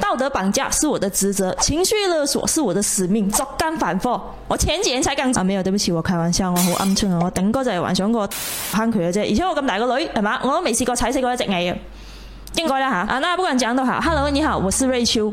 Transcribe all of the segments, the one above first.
道德綁架是我的職責，情緒勒索是我的使命。作奸犯法，我前幾年才剛。啊，沒有，對不起，我開玩笑，我好鵪鶉啊。我頂多就係幻想過坑佢嘅啫，而且我咁大個女係嘛，我都未試過踩死過一隻蟻啊，應該啦吓。啊，那不管人講到吓，Hello，你好，我是瑞秋。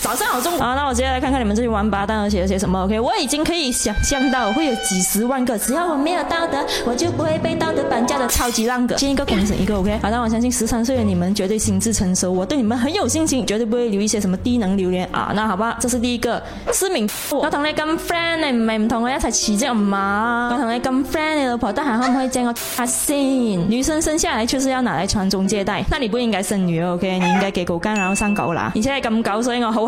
早上好中，中午好。那我接下來看看你們這些王八蛋都寫了些什麼？OK，我已經可以想象到會有幾十萬個，只要我沒有道德，我就不會被道德綁架的超級浪哥。見一個坑死一個，OK，啊。好，那我相信十三歲的你們絕對心智成熟，我對你們很有信心，絕對不會留一些什麼低能榴蓮啊。那好吧，這是第一個，思明富。我同你咁 friend，你唔係唔同我一齊辭職嘛？我同你咁 friend，你老婆得閒可唔可以借我睇下先？女生生下來就是要拿來傳宗接代，那你不應該生女兒，OK？你應該給狗幹然後生狗啦。你現在咁狗所以我好。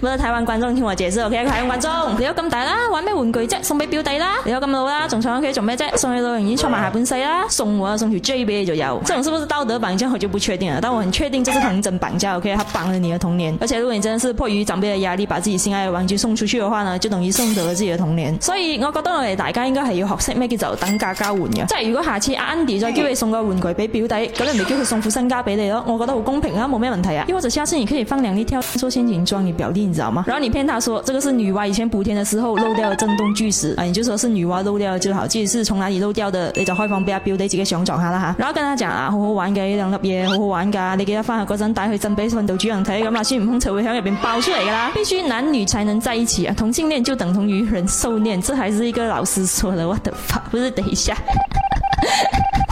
冇得台玩觀，觀眾，聽我解釋 OK。台灣觀眾，你都咁大啦，玩咩玩具啫？送俾表弟啦，你都咁老啦，仲坐喺屋企做咩啫？送去老人院坐埋下半世啦。送我送條 J 俾你就有 這種是不是道德綁架，我就不確定啦。但我很確定這是童真綁架 OK，他綁了你的童年。而且如果你真的是迫於長輩的壓力，把自己心愛嘅玩具送出去嘅話呢，就等於送走了自己嘅童年。所以我覺得我哋大家應該係要學識咩叫做等價交換嘅。即係如果下次 Andy 再叫你、okay. 送個玩具俾表弟，咁你咪叫佢送副身家俾你咯。我覺得好公平啊，冇咩問題啊。又或者下次，你可以放啲挑，先先染妝嘅表弟。你知道嗎？然後你騙他說，這個是女媧以前補天的時候漏掉的震動巨石啊！你就說是女媧漏掉的就好，即使是從哪裏漏掉的，你找官方不要丟這幾個熊狀下啦哈！然後跟他講啊，好好玩嘅，呢兩粒嘢好好玩噶，你記得放學嗰陣帶去鎮北訓導主任睇，咁啊，孫悟空就會響入邊爆出嚟噶啦！必須男女才能在一起啊，同性戀就等同於人獸戀，這還是一個老師說的，我的媽！不是，等一下。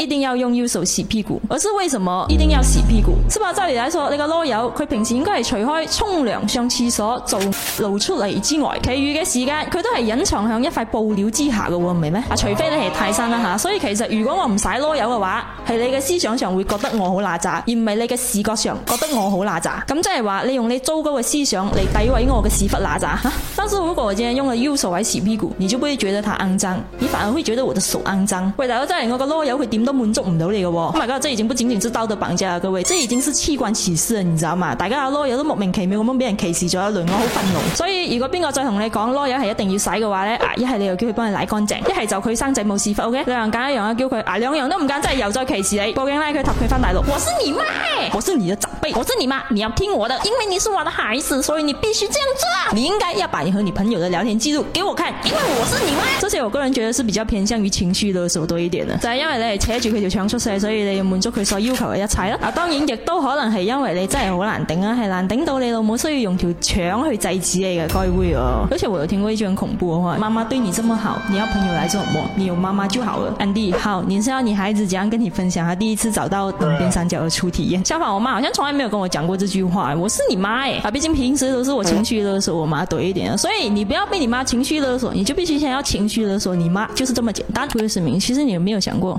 一定要用右手洗屁股，而是為什麼一定要洗屁股？是、嗯、吧？周嚟來說，你個囉柚，佢平時應該係除開沖涼、上廁所、做露出嚟之外，其餘嘅時間佢都係隱藏響一塊布料之下嘅，哦，唔係咩？啊，除非你係泰山啦吓。所以其實如果我唔使囉柚嘅話，係你嘅思想上會覺得我好邋遢，而唔係你嘅視覺上覺得我好邋遢。咁即係話你用你糟糕嘅思想嚟詆毀我嘅屎忽邋遢吓。但係如果我今日用個右手嚟洗屁股，你就不會覺得太骯髒，你反而會覺得我的手骯髒。大佬，真係我個囉柚，佢點都滿足唔到你嘅、哦，唔係，嗰個，這已經不僅僅是道德綁架啦，各位，這已經是器官歧視啊，你知道嘛？大家阿囉柚都莫名其妙咁樣俾人歧視咗一輪，我好憤怒。所以如果邊個再同你講囉柚係一定要洗嘅話呢，啊，一係你又叫佢幫你洗乾淨，一係就佢生仔冇屎忽，ok？兩揀一樣啊，叫佢，啊，兩樣都唔揀，真係又再歧視你。報警拉佢，句，佢會翻大陸。我是你媽，我是你的長輩，我是你媽，你要聽我的，因為你是我的孩子，所以你必須這樣做。你應該要把你和你朋友的聊天記錄給我看，因為我是你媽。這些我個人覺得是比較偏向於情緒勒索多一點嘅。就係因為你係住佢條腸出世，所以你要滿足佢所要求嘅一切啦。啊，當然亦都可能係因為你真係好難頂啊，係難頂到你老母需要用條腸去制止你嘅嗰位啊。而且我有聽過一句很恐怖嘅話：媽媽對你這麼好，你要朋友來做乜？你有媽媽就好了。Andy，好，你是要你孩子點樣跟你分享下第一次找到等邊三角嘅初體驗？相反，我媽好像從來沒有跟我講過這句話。我是你媽誒，啊，畢竟平時都是我情緒勒索我媽多一點啊。所以你不要被你媽情緒勒索，你就必須先要情緒勒索你媽，就是這麼簡單。胡月思明，其實你有沒有想過？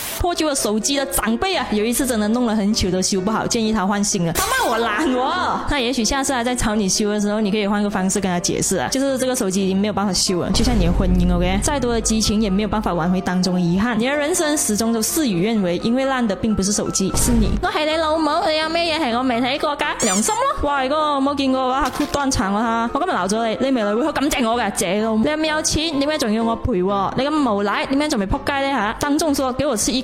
破舊的手機的長輩啊，有一次真的弄了很久都修不好，建議他換新了。他罵我爛喎。那也許下次他在吵你修的時候，你可以換個方式跟他解釋啊，就是這個手機已經沒有辦法修了。就像你的婚姻，OK，再多的激情也沒有辦法挽回當中的遺憾。你的人生始終都事與願違，因為爛的並不是手機，是你。我係你老母，你有咩嘢係我未睇過噶？良心咯，壞哥冇見過哇，斷腸啊，我今日鬧咗你，你未來會好感謝我噶，姐老母。你係咪有錢？點解仲要我賠喎？你咁無賴，點解仲未扑街咧？吓、啊，當眾數我幾無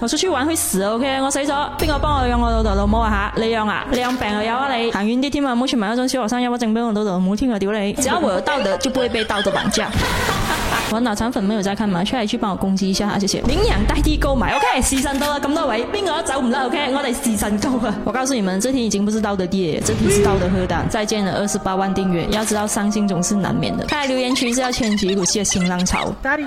我出去玩會死 o、okay? K，我死咗，邊個幫我養我老豆老母啊吓？你養啊？你有病啊有啊你？行遠啲添啊，冇去全部嗰種小學生優物證俾我老豆，老母天啊屌你！只要我有道德，就不會被道德綁架。 我腦殘粉沒有在看嗎？出來去幫我攻擊一下，阿謝謝。領養代替購買，O K，時辰到啦咁多位，邊個走唔甩？O K，我哋時辰到啊。 我告訴你們，這天已經不是道德地，這天是道德核彈，再見了二十八萬訂閱。要知道傷心總是難免的，睇下留言區，是要掀起一股新浪潮。d a d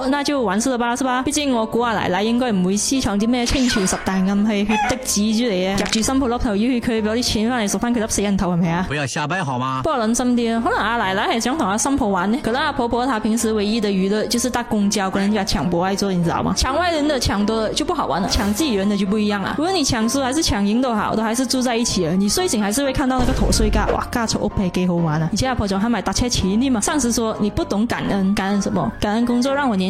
哦、那就完事了吧，是吧？畢竟我估阿奶奶應該唔會私藏啲咩清朝十大暗器血滴子之類嘅，住頭要佢俾啲錢翻嚟贖翻佢粒死人頭係咪啊？不要瞎掰好嗎？不過諗深啲，可能阿奶奶係想同阿新婆玩呢。可能阿婆婆她平時唯一的娛樂就是搭公交，跟人家搶博愛座，你知道嗎？搶外人的搶多就不好玩了，搶自己人的就不一樣啦。無論你搶輸還是搶贏都好，都還是住在一起啊。你睡醒還是會看到那個土碎蓋，哇，家出屋企幾好玩啊！而且阿婆仲喺買搭車錢添嘛。上司說你不懂感恩，感恩什麼？感恩工作讓我年。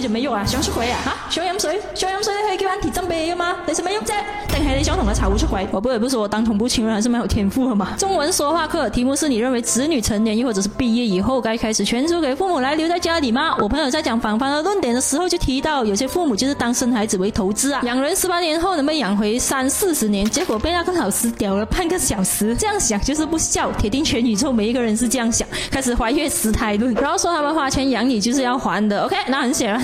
做咩喐啊？想出軌啊？吓？想飲水？想飲水，你可以給我安體俾你噶嗎？你做咩喐啫？定係你想同佢巢屋出軌？我不得不說，我當同步情人還是蠻有天賦的嘛。中文說話課題目是你認為子女成年又或者是畢業以後該開始全租給父母來留在家裏嗎？我朋友在講反方的論點的時候就提到，有些父母就是當生孩子為投資啊，養人十八年後能被養回三四十年，結果被那個老師屌了半個小時。這樣想就是不孝，鐵定全宇宙每一個人是這樣想。開始懷胎十月論，然後說他們花錢養你就是要還的。OK，那很顯然。